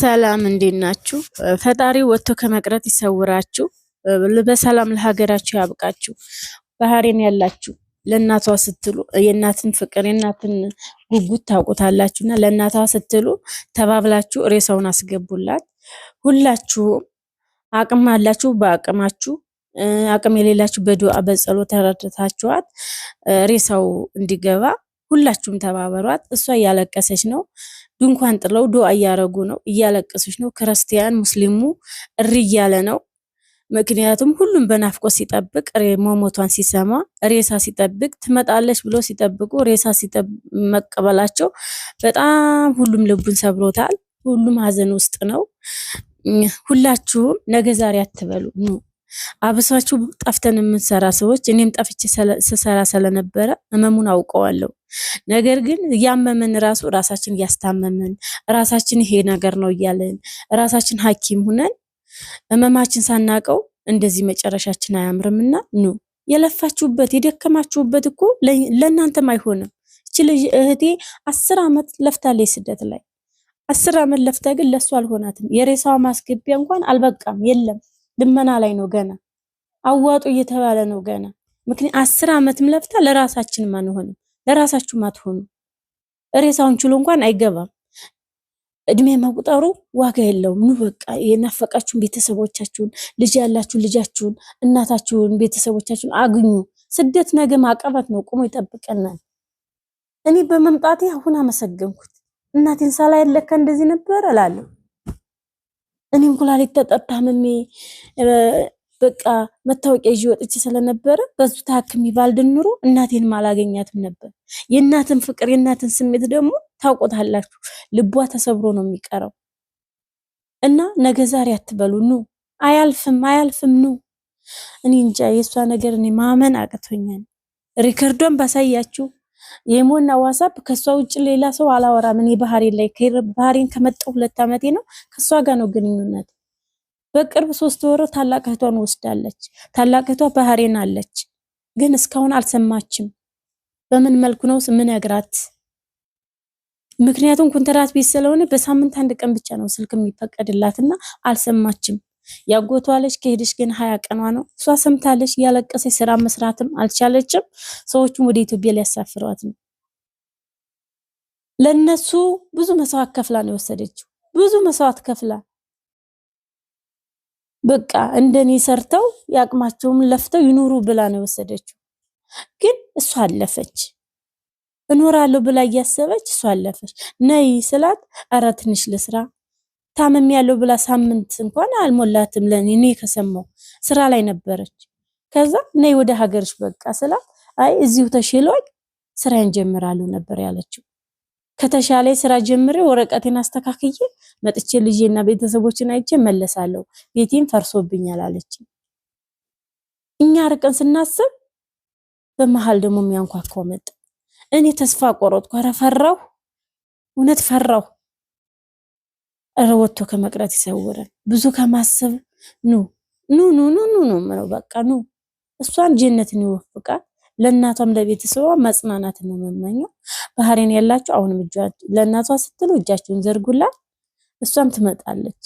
ሰላም እንዴት ናችሁ? ፈጣሪ ወጥቶ ከመቅረት ይሰውራችሁ፣ በሰላም ለሀገራችሁ ያብቃችሁ። ባህሬን ያላችሁ ለእናቷ ስትሉ የእናትን ፍቅር የእናትን ጉጉት ታውቁታላችሁ እና ለእናቷ ስትሉ ተባብላችሁ ሬሳውን አስገቡላት። ሁላችሁም አቅም አላችሁ፣ በአቅማችሁ አቅም የሌላችሁ በዱ በጸሎ ተረድታችኋት ሬሳው እንዲገባ ሁላችሁም ተባበሯት። እሷ እያለቀሰች ነው። ድንኳን ጥለው ዱዓ እያረጉ ነው። እያለቀሰች ነው። ክርስቲያን ሙስሊሙ እሪ እያለ ነው። ምክንያቱም ሁሉም በናፍቆት ሲጠብቅ መሞቷን ሲሰማ ሬሳ ሲጠብቅ ትመጣለች ብሎ ሲጠብቁ ሬሳ መቀበላቸው በጣም ሁሉም ልቡን ሰብሮታል። ሁሉም ሀዘን ውስጥ ነው። ሁላችሁም ነገ ዛሬ አትበሉ። አብሳችሁ ጠፍተን የምንሰራ ሰዎች፣ እኔም ጠፍቼ ስሰራ ስለነበረ ህመሙን አውቀዋለሁ። ነገር ግን እያመመን ራሱ ራሳችን እያስታመምን ራሳችን ይሄ ነገር ነው እያለን ራሳችን ሐኪም ሁነን ህመማችን ሳናቀው እንደዚህ መጨረሻችን አያምርምና ኑ የለፋችሁበት የደከማችሁበት እኮ ለእናንተም አይሆንም። እቺ ልጅ እህቴ አስር ዓመት ለፍታለች ስደት ላይ አስር ዓመት ለፍታ ግን ለሱ አልሆናትም። የሬሳዋ ማስገቢያ እንኳን አልበቃም። የለም ልመና ላይ ነው ገና፣ አዋጡ እየተባለ ነው ገና። ምክንያት አስር ዓመትም ለፍታ ለራሳችንም አንሆንም። ለራሳችሁም አትሆኑ። ሬሳውን ችሎ እንኳን አይገባም። እድሜ መቁጠሩ ዋጋ የለውም። ኑ በቃ የናፈቃችሁን ቤተሰቦቻችሁን፣ ልጅ ያላችሁን ልጃችሁን፣ እናታችሁን፣ ቤተሰቦቻችሁን አግኙ። ስደት ነገ ማቀበት ነው፣ ቁሞ ይጠብቀናል። እኔ በመምጣቴ አሁን አመሰገንኩት። እናቴን ሳላ ለካ እንደዚህ ነበር እላለሁ። እኔ እንኩላሊት ተጠታምሜ በቃ መታወቂያ ይዤ ወጥቼ ስለነበረ በሱ ታክሚ ባልድን ኑሮ እናቴን አላገኛትም ነበር። የእናትን ፍቅር የእናትን ስሜት ደግሞ ታውቆታላችሁ። ልቧ ተሰብሮ ነው የሚቀረው እና ነገ ዛሬ አትበሉ። ኑ አያልፍም፣ አያልፍም። ኑ እኔ እንጃ የእሷ ነገር እኔ ማመን አቅቶኛል። ሪከርዶን ባሳያችሁ የሞና ዋሳፕ ከእሷ ውጭ ሌላ ሰው አላወራም። እኔ ባህሬን ላይ ባህሬን ከመጣሁ ሁለት ዓመቴ ነው። ከእሷ ጋር ነው ግንኙነት በቅርብ ሶስት ወር ታላቅ እህቷን ወስዳለች። ታላቅ እህቷ ባህሬን አለች፣ ግን እስካሁን አልሰማችም። በምን መልኩ ነው ምነግራት? ምክንያቱም ኮንትራት ቤት ስለሆነ በሳምንት አንድ ቀን ብቻ ነው ስልክ የሚፈቀድላትና አልሰማችም። ያጎቷ ልጅ ከሄደች ግን ሀያ ቀኗ ነው። እሷ ሰምታለች፣ እያለቀሰች ስራ መስራትም አልቻለችም። ሰዎቹም ወደ ኢትዮጵያ ሊያሳፍሯት ነው። ለነሱ ብዙ መስዋዕት ከፍላ ነው የወሰደችው። ብዙ መስዋዕት ከፍላ በቃ እንደኔ ሰርተው ያቅማቸውም ለፍተው ይኑሩ ብላ ነው የወሰደችው። ግን እሷ አለፈች እኖራለሁ ብላ እያሰበች እሷ አለፈች። ነይ ስላት ኧረ ትንሽ ልስራ ታመም ያለው ብላ ሳምንት እንኳን አልሞላትም ለኔ እኔ ከሰማው ስራ ላይ ነበረች። ከዛ ነይ ወደ ሀገርሽ በቃ ስላት አይ እዚሁ ተሽሎኝ ስራ እንጀምራለሁ ነበር ያለችው። ከተሻለ ስራ ጀምሬ ወረቀቴን አስተካክዬ መጥቼ ልጄና ቤተሰቦችን አይቼ መለሳለሁ፣ ቤቴም ፈርሶብኛል አለች። እኛ ርቀን ስናስብ በመሀል ደግሞ የሚያንኳኳው መጥ እኔ ተስፋ ቆረጥኩ። ኧረ ፈራሁ፣ እውነት ፈራሁ። ኧረ ወጥቶ ከመቅረት ይሰውረን። ብዙ ከማሰብ ኑ ኑ ኑ ኑ ኑ ምነው በቃ ኑ። እሷን ጀነትን ይወፍቃል። ለእናቷም ለቤተሰቧ መጽናናት ነው የምመኘው። ባህሬን ያላችሁ አሁንም ለእናቷ ስትሉ እጃችሁን ዘርጉላት፣ እሷም ትመጣለች።